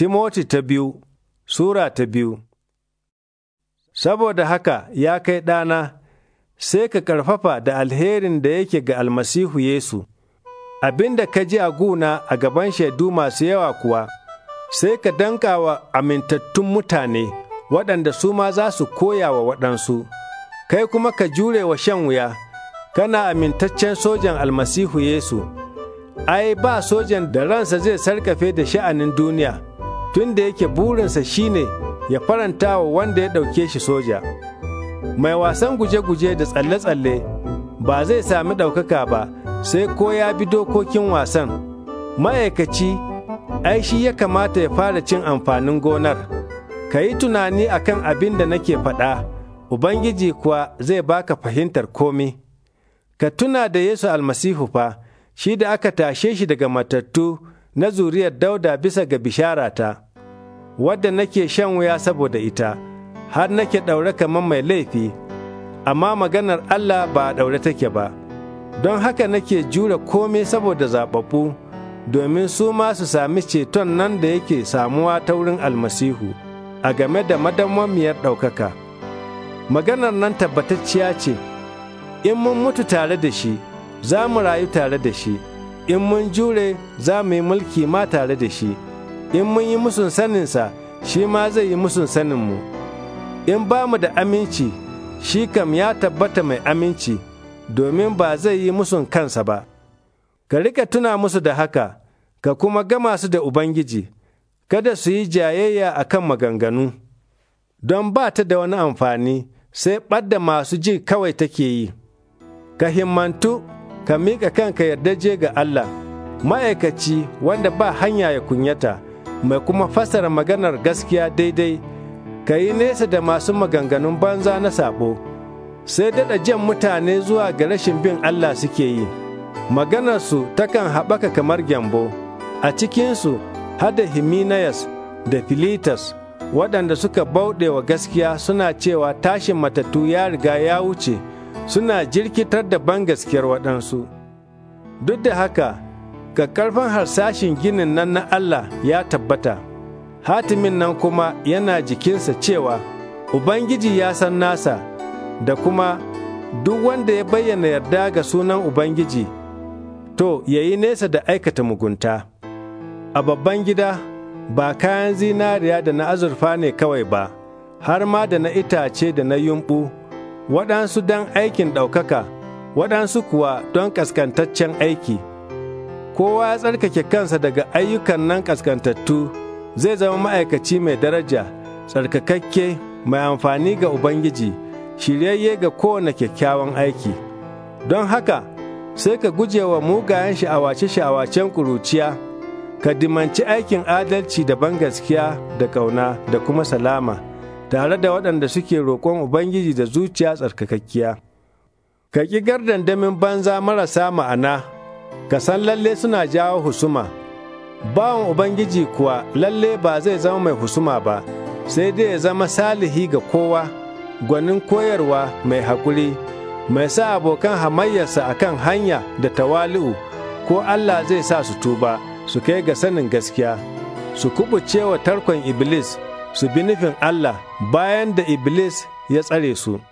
Timoti ta biyu Sura ta biyu Saboda haka ya kai ɗana, sai ka ƙarfafa da alherin da yake ga almasihu Yesu, abinda ka ji a guna a gaban shaidu masu yawa kuwa, sai ka danka wa amintattun mutane waɗanda su ma za su koya wa waɗansu, kai kuma ka jure wa shan wuya, kana amintaccen sojan almasihu Yesu, ai ba sojan da ransa zai sarkafe da sha'anin duniya. tun da yake burinsa shine ya faranta wa wanda ya ɗauke shi soja. Mai wasan guje-guje da tsalle-tsalle ba zai sami ɗaukaka ba sai ko ya bi dokokin wasan. Ma'aikaci, ai shi ya kamata ya fara cin amfanin gonar. Ka yi tunani a kan abin da nake faɗa, Ubangiji kuwa zai baka fahimtar komi. Ka tuna da Yesu almasihu fa, shi da aka tashe shi daga matattu. na zuriyar dauda bisa ga bisharata, wadda nake shan wuya saboda ita, har nake ɗaure kamar mai laifi, amma maganar Allah ba a ɗaure take ba, don haka nake jure kome saboda zaɓaɓɓu, domin su ma su sami ceton nan da yake samuwa ta wurin almasihu a game da madamwamiyar ɗaukaka. Maganar nan tabbatacciya ce, in mun mutu tare da shi, za mu rayu tare da shi. in mun jure za mu yi mulki ma tare da shi in mun yi musun saninsa shi ma zai yi musun mu. in ba mu da aminci shi kam ya tabbata mai aminci domin ba zai yi musun kansa ba ka rika tuna musu da haka ka kuma gama su da ubangiji kada su yi jayayya a kan maganganu don ba ta da wani amfani sai ɓadda masu ji kawai take yi ka himmantu ka miƙa kanka yardaje ga Allah, ma'aikaci wanda ba hanya ya kunyata, mai kuma fassara maganar gaskiya daidai, ka yi nesa da masu maganganun banza na saɓo, sai daɗa jan mutane zuwa ga rashin bin Allah suke yi. Maganarsu takan haɓaka kamar gyambo, a cikinsu hada Himinayas da Filitas, waɗanda suka bauɗe wa gaskiya suna cewa tashin matattu ya riga ya wuce. suna jirkitar da bangaskiyar waɗansu duk da haka ga ƙarfin harsashin ginin nan na Allah ya tabbata hatimin nan kuma yana jikinsa cewa Ubangiji ya san nasa da kuma duk wanda ya bayyana yarda ga sunan Ubangiji, to, ya yi nesa da aikata mugunta. A babban gida, ba kayan zinariya da na azurfa ne kawai ba, har ma da na itace da na yumɓu waɗansu don aikin ɗaukaka, waɗansu kuwa don ƙaskantaccen aiki. Kowa ya tsarkake kansa daga ayyukan nan ƙaskantattu zai zama ma'aikaci mai daraja, tsarkakakke, mai amfani ga Ubangiji, shiryayye ga kowane kyakkyawan aiki. Don haka, sai ka guje wa mugayen sha'awace-sha'awacen ƙuruciya, ka dimanci aikin adalci da gaskiya da ƙauna da kuma salama. tare da waɗanda suke roƙon Ubangiji da zuciya tsarkakakkiya. Ka ƙi gardandamin banza marasa ma'ana, ka san lalle suna jawo husuma. Bawan Ubangiji kuwa lalle ba zai zama mai husuma ba, sai dai ya zama salihi ga kowa, gwanin koyarwa mai haƙuri, mai sa abokan hamayyarsa a kan hanya da tawali'u, ko Allah zai sa su tuba, su kai ga sanin gaskiya, su kuɓuce wa tarkon Iblis. su bi nufin Allah bayan da Iblis ya tsare su.